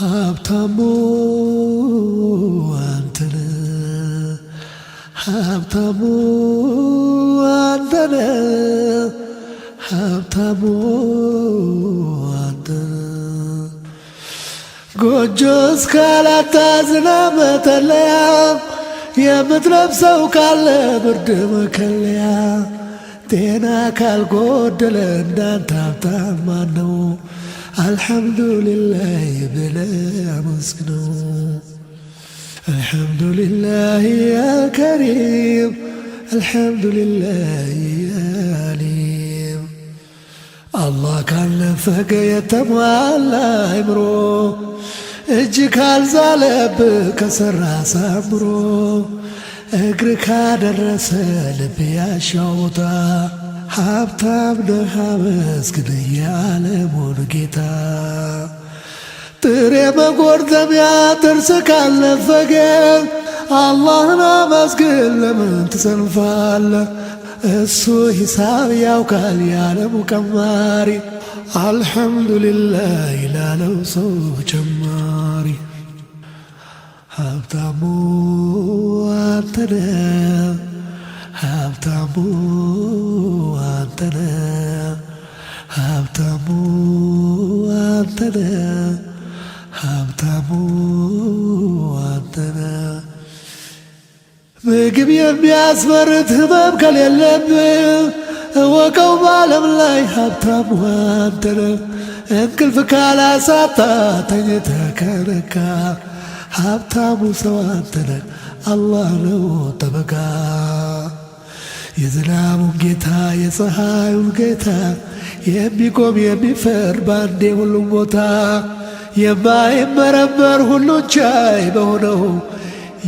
ሀብታሙ አንተነ ሀብታሙ አንተነ ሀብታሙ አንተነ ጎጆ እስካላታዝና መተለያ የምትለብሰው ካለ ብርድ መከለያ ጤና ካልጎደለ እንዳንተ ሀብታም ማነው? الحمد لله بلا مسكن الحمد لله يا كريم الحمد لله يا عليم الله كان نفق يتم الله يمرو اجي كان زالب كسر سامرو اقري كان الرسل بيا شوطه ሀብታም ደሃ አመስግን የዓለሙን ጌታ። ጥሬ መጎርጠሚያ ጥርስ ካለፈገ አላህን አመስግን ለምን ትሰንፋለ? እሱ ሂሳብ ያውቃል የዓለሙ ቀማሪ። አልሐምዱሊላህ ይላለው ሰው ጀማሪ። ሀብታሙ አንተነ ሀብታሙ አንተነህ ሀብታሙ አንተነህ ሀብታሙ አንተነህ ምግብ የሚያስመርት ህመም ከሌለብህ እወቀው በዓለም ላይ ሀብታሙ አንተነህ እንቅልፍ ካላሳጣ ተኝተህ ከነጋ ሀብታሙ ሰው አንተነህ አላህ ነው ጠበቃ የዝናቡ ጌታ የፀሐዩ ጌታ የሚቆም የሚፈር ባንዴ ሁሉም ቦታ የማይመረመር ሁሉ ቻይ በሆነው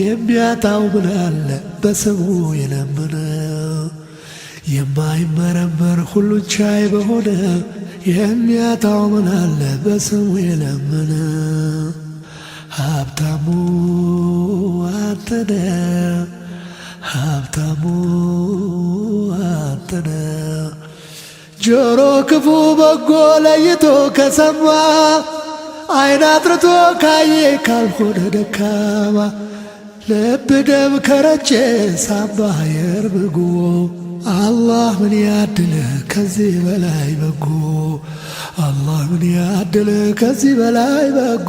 የሚያጣው ምን አለ በስሙ የለመነው የማይመረመር ሁሉ ቻይ በሆነ የሚያጣው ምን አለ በስሙ የለመነው ሀብታሙ አንተነህ ሀብታሙ አንተነ ጆሮ ክፉ በጎ ለይቶ ከሰማ አይን አጥርቶ ካየ ካልሆነ ደካማ ልብ ደም ከረጨ ሳባ የርብጎ አላህ ምን ያድለ ከዚህ በላይ በጎ አላህ ምን ያድለ ከዚህ በላይ በጎ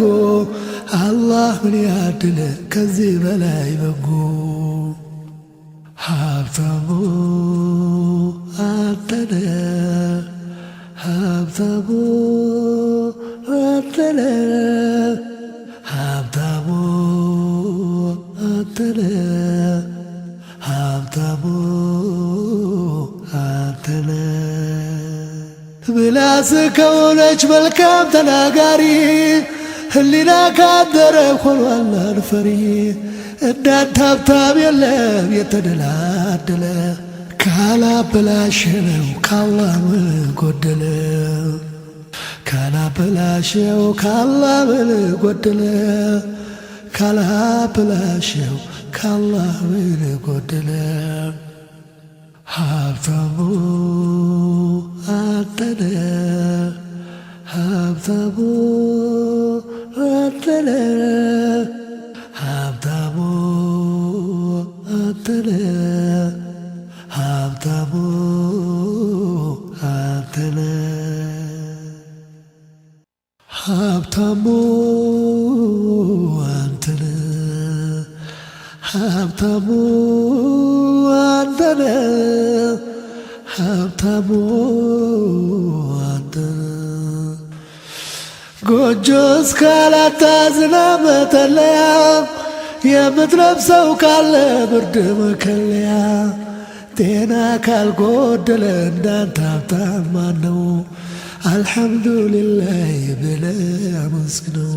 አላህ ምን ያድለ ከዚህ በላይ በጎ ብላስ ከሆነች መልካም ተናጋሪ ህሊና ካደረ ሆኗል አልፈሪ እንዳንተ ሀብታም የለም የተደላደለ ካላበላሽ ነው ካላህ ጎደለ ካላበላሸው ካላህ ጎደለ ካላበላሸው ካላህ ምን ጎደለ ሀብታሙ አንተነህ ሀብታሙ አንተነህ አትር ጎጆ እስካላታዝናብ መተለያ የምትለብሰው ካለ ብርድ መከለያ ጤና ካልጎደለ እንዳንተ ሀብታም ማነው? አልሐምዱሊላህ ብለህ አመስግነው።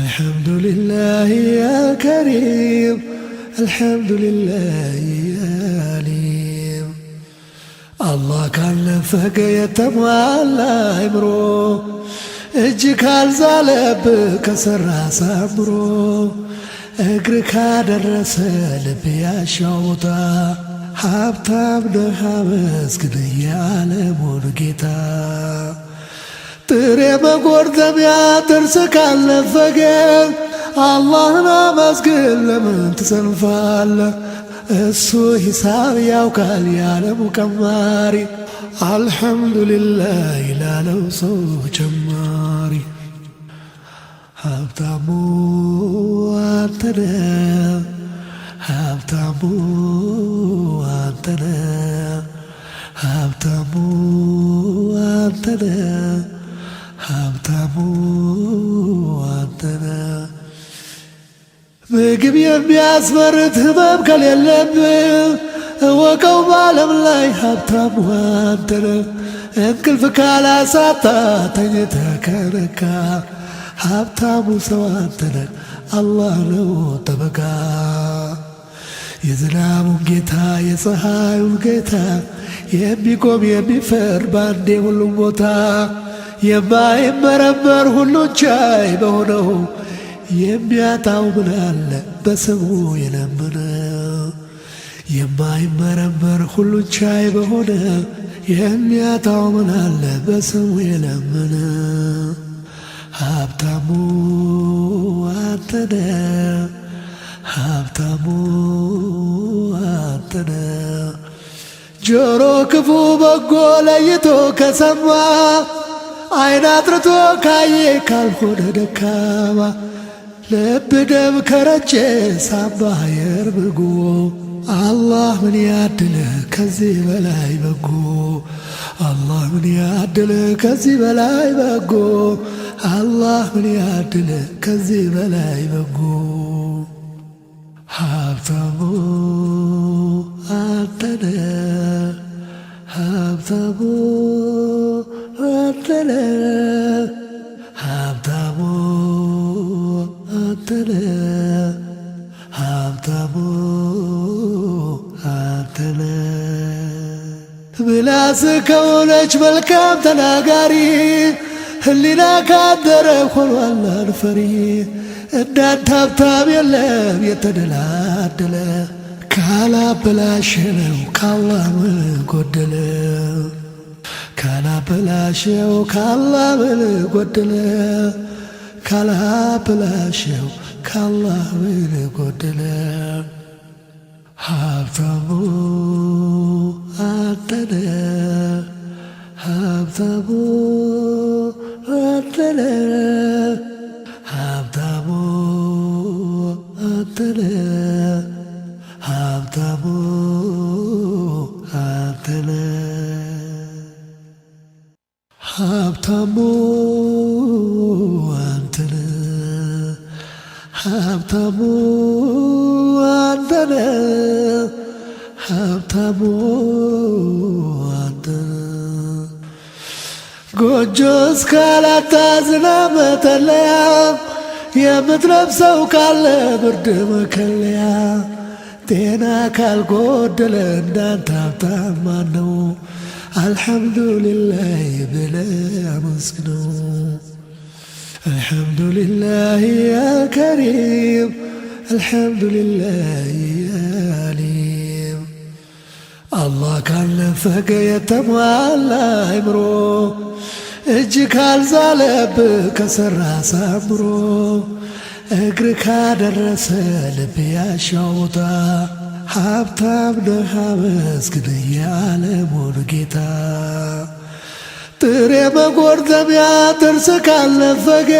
አልሐምዱሊላህ ያ ከሪም አልሐምዱሊላህ አላህ ካልነፈገ የተሟላ አይምሮ እጅ ካልዛለብ ከሰራ ሳምሮ እግር ካደረሰ ልብ ያሻውታ ሀብታም ነህ አመስግን የዓለሙን ጌታ። ጥሬ መጎርጠሚያ ጥርስ ካልነፈገ አላህን አመስግን ለምን ትሰንፋለ? እሱ ሂሳብ ያውቃል ያለሙ ቀማሪ አልሐምዱሊላህ ይላለው ሰው ጀማሪ ሀብታሙ አንተነ ሀብታሙ አንተነ ሀብታሙ አንተነ ሀብታሙ ምግብ የሚያስመርት ህመም ከሌለብህ እወቀው በዓለም ላይ ሀብታም ዋንተነ እንቅልፍ ካላሳጣ ተኝተ ከነካ ሀብታሙ ሰው አንተነ አላህ ነው ጠበቃ የዝናቡን ጌታ የፀሐዩን ጌታ የሚቆም የሚፈር ባንዴ ሁሉም ቦታ የማይመረመር ሁሉን ቻይ በሆነው የሚያጣው ምን አለ በስሙ የለምን የማይመረመር ሁሉ ቻይ በሆነ የሚያጣው ምን አለ በስሙ የለምን ሀብታሙ አተነ ሀብታሙ አተነ ጆሮ ክፉ በጎ ለይቶ ከሰማ አይን አጥርቶ ካየ ካልሆነ ደካማ ልብ ደም ከረጨ ሳባ ብጎ አላህ ምን ያድለ ከዚህ በላይ በጎ አላህ ምን ያድለ ከዚህ በላይ በጎ አላህ ምን ያድለ ከዚህ በላይ በጎ ሀብታሙ አንተነ ሀብታሙ ራስ ከሆነች መልካም ተናጋሪ ህሊና ካደረ ሆኗል አልፈሪ። እንዳንተ ሀብታም የለም የተደላደለ ካላበላሸነው ካላም ጎደለ ካላበላሸው ካላምን ጎደለ ካላበላሸው ካላምን ጎደለ ሀብታሙ ሀብታሙ አንተነ ሀብታሙ አንተነ ሀብታሙ አንተነ ሀብታሙ አንተነ ሀብታሙ አንተነ ሀብታሙ ጎጆስ ካላታ ዝናብ መተለያ የምትለብሰው ካለ ብርድ መከለያ ጤና ካልጎደለ እንዳንተ ሀብታም ማነው? አልሐምዱሊላህ ብለህ አመስግነው። አልሐምዱሊላህ ያ ከሪም አልሐምዱሊላህ ያ አሊም አላህ ካልነፈገ የተሟላ አይምሮ እጅ ካልዛለብ ከሰራ ሳምሮ እግር ካደረሰ ልብ ያሻውታ ሀብታም ነህ አመስግን የዓለሙን ጌታ። ጥሬ መጎርተቢያ ጥርስ ካለፈገ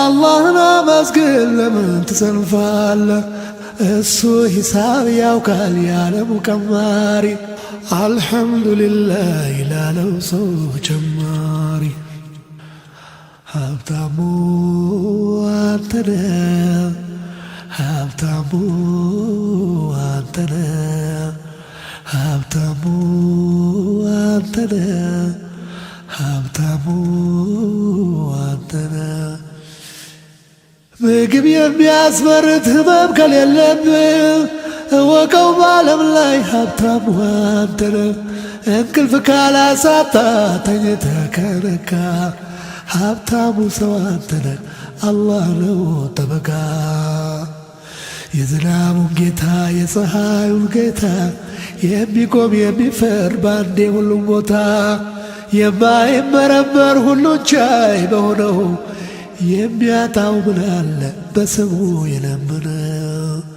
አላህን አመስግን ለምን ትሰንፋለህ? እሱ ሂሳብ ያውቃል ያለው ቀማሪ አልሐምዱሊላህ ይላለው ሰው ጀማሪ ሀብታሙ አንተነህ ሀብታሙ አንተነህ ሀብታሙ አንተነህ ምግብ የሚያስመርት ህመም ከሌለብህ እወቀው በዓለም ላይ ሀብታም ዋንተነ እንቅልፍ ካላሳጣ ተኝተ ከነካ ሀብታሙ ሰው አንተነ አላህ ነው ጠበቃ። የዝናቡን ጌታ የፀሐዩን ጌታ የሚቆም የሚፈር ባንዴ ሁሉም ቦታ የማይመረመር ሁሉን ቻይ በሆነው የሚያጣው ምን አለ በሰው የለመነው